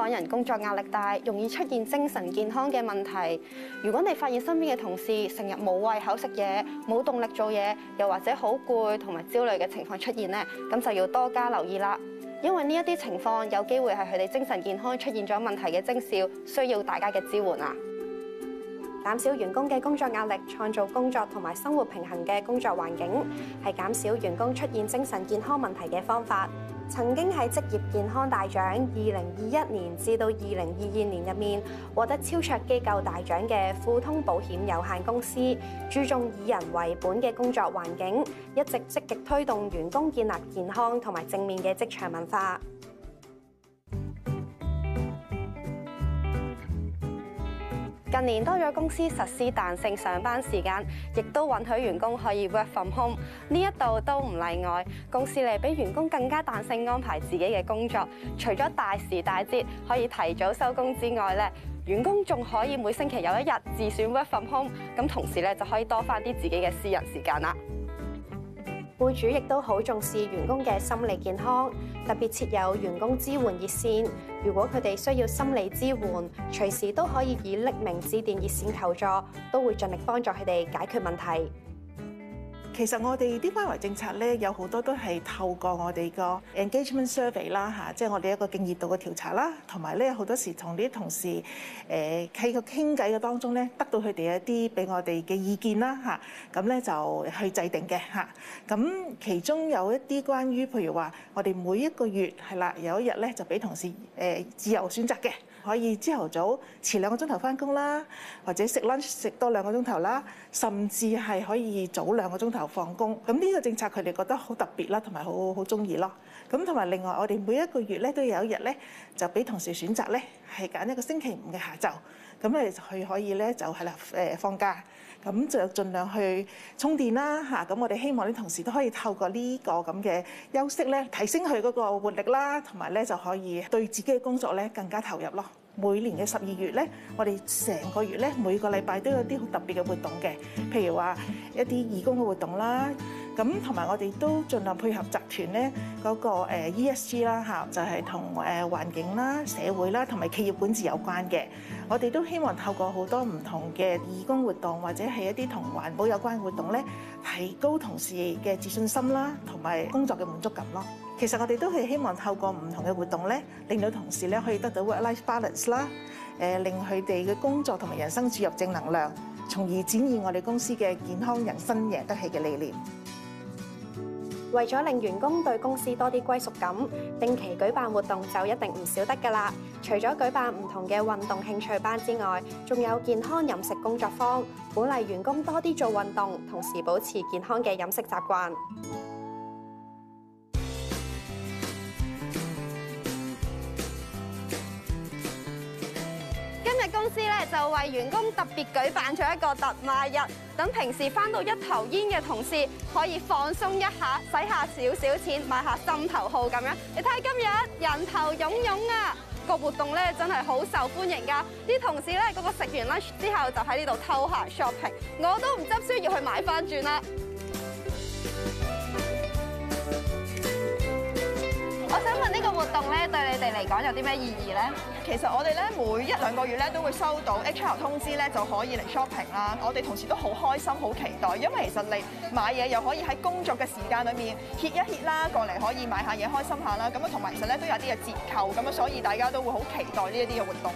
港人工作壓力大，容易出現精神健康嘅問題。如果你發現身邊嘅同事成日冇胃口食嘢、冇動力做嘢，又或者好攰同埋焦慮嘅情況出現呢，咁就要多加留意啦。因為呢一啲情況有機會係佢哋精神健康出現咗問題嘅徵兆，需要大家嘅支援啊。減少員工嘅工作壓力，創造工作同埋生活平衡嘅工作環境，係減少員工出現精神健康問題嘅方法。曾經喺職業健康大獎二零二一年至到二零二二年入面獲得超卓機構大獎嘅富通保險有限公司，注重以人為本嘅工作環境，一直積極推動員工建立健康同埋正面嘅職場文化。近年多咗公司實施彈性上班時間，亦都允許員工可以 work from home。呢一度都唔例外，公司嚟俾員工更加彈性安排自己嘅工作。除咗大時大節可以提早收工之外咧，員工仲可以每星期有一日自選 work from home，咁同時咧就可以多翻啲自己嘅私人時間啦。僱主亦都好重視員工嘅心理健康，特別設有員工支援熱線。如果佢哋需要心理支援，隨時都可以以匿名致電熱線求助，都會盡力幫助佢哋解決問題。其實我哋啲關懷政策咧，有好多都係透過我哋個 engagement survey 啦，嚇，即係我哋一個敬業度嘅調查啦，同埋咧好多時同啲同事誒喺個傾偈嘅當中咧，得到佢哋一啲俾我哋嘅意見啦，嚇，咁咧就去制定嘅嚇。咁其中有一啲關於譬如話，我哋每一個月係啦，有一日咧就俾同事誒自由選擇嘅。可以朝頭早遲兩個鐘頭返工啦，或者食 lunch 食多兩個鐘頭啦，甚至係可以早兩個鐘頭放工。咁呢個政策佢哋覺得好特別啦，同埋好好鍾意咯。咁同埋另外，我哋每一個月咧都有一日咧，就俾同事選擇咧，係揀一個星期五嘅下晝，咁咧佢可以咧就係啦誒放假，咁就盡量去充電啦嚇。咁、啊、我哋希望啲同事都可以透過呢個咁嘅休息咧，提升佢嗰個活力啦，同埋咧就可以對自己嘅工作咧更加投入咯。每年嘅十二月咧，我哋成個月咧每個禮拜都有啲好特別嘅活動嘅，譬如話一啲義工嘅活動啦。咁同埋我哋都盡量配合集團咧嗰個誒 ESG 啦嚇，就係同誒環境啦、社會啦同埋企業管治有關嘅。我哋都希望透過好多唔同嘅義工活動或者係一啲同環保有關嘅活動咧，提高同事嘅自信心啦，同埋工作嘅滿足感咯。其實我哋都係希望透過唔同嘅活動咧，令到同事咧可以得到 work-life balance 啦，誒令佢哋嘅工作同埋人生注入正能量，從而展現我哋公司嘅健康人生贏得起嘅理念。為咗令員工對公司多啲歸屬感，定期舉辦活動就一定唔少得㗎喇。除咗舉辦唔同嘅運動興趣班之外，仲有健康飲食工作坊，鼓勵員工多啲做運動，同時保持健康嘅飲食習慣。今日公司呢就為員工特別舉辦咗一個特賣日。等平時翻到一頭煙嘅同事可以放鬆一下，使下少少錢買下心頭好咁樣。你睇今日人頭湧湧啊，個活動咧真係好受歡迎㗎。啲同事咧嗰個食完 lunch 之後就喺呢度偷下 shopping，我都唔執輸要去買返轉啦。活動咧對你哋嚟講有啲咩意義咧？其實我哋咧每一兩個月咧都會收到 HR 通知咧就可以嚟 shopping 啦。我哋同事都好開心好期待，因為其實你買嘢又可以喺工作嘅時間裏面歇一歇啦，過嚟可以買下嘢開心下啦。咁啊，同埋其實咧都有啲嘅折扣咁啊，所以大家都會好期待呢一啲嘅活動。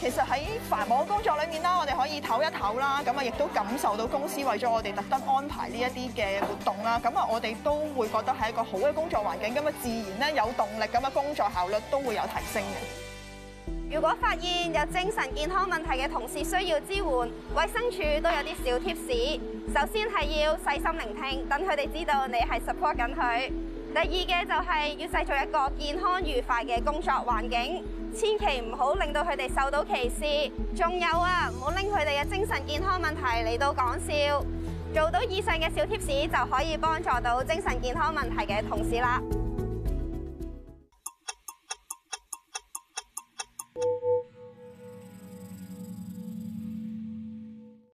其實喺繁忙工作裏面啦，我哋可以唞一唞啦，咁啊亦都感受到公司為咗我哋特登安排呢一啲嘅活動啦，咁啊我哋都會覺得係一個好嘅工作環境，咁啊自然咧有動力，咁啊工作效率都會有提升嘅。如果發現有精神健康問題嘅同事需要支援，衞生署都有啲小貼士。首先係要細心聆聽，等佢哋知道你係 support 緊佢。第二嘅就係、是、要製造一個健康愉快嘅工作環境。千祈唔好令到佢哋受到歧視，仲有啊，唔好拎佢哋嘅精神健康問題嚟到講笑。做到以上嘅小貼士，就可以幫助到精神健康問題嘅同事啦。